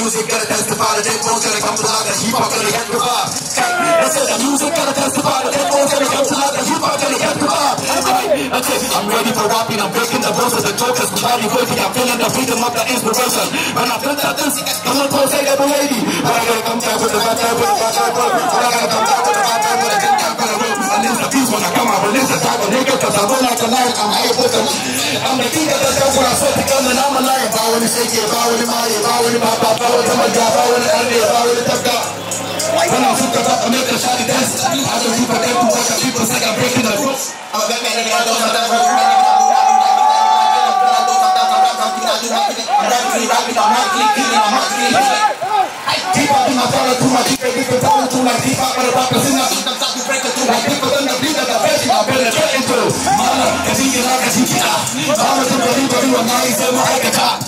music gonna testify The dead bones gonna come to life hip hop gonna get revived I said the music gonna testify The dead bones gonna come to life The hip hop gonna get revived I'm ready for rapping I'm breaking the rules of the my Body working I'm feeling the freedom of the inspiration When I feel that this I'm not gonna say that lady But I gotta come down with the bad With the bad But I gotta come down with the bad time With the bad time With the bad the the bad the the I went like a lion, I'm able to I'm the king of the devil, I fought to gun and I'm a lion. Bowing and shaking, bowing in my ear, bowing in my mouth, bowing to my job, bowing to the bowing to the God. When I hook up, I make a shot, dance. I don't keep a damn to watch the people say I'm breaking the rules. I'm a bad man and I don't have that room. I'm rapping, rapping, I'm rapping, killing, I'm rapping, killing. Keep up in my dollar to my deep, keep it down to my deep, I'm a rapper, sinner, I'm talking breaker to my people, then the beat of the version, I'm I'm I'm I'm I'm better, maana malam ka jingira ka jinkira ba mu tabbari bari wallahi sai ma'aikata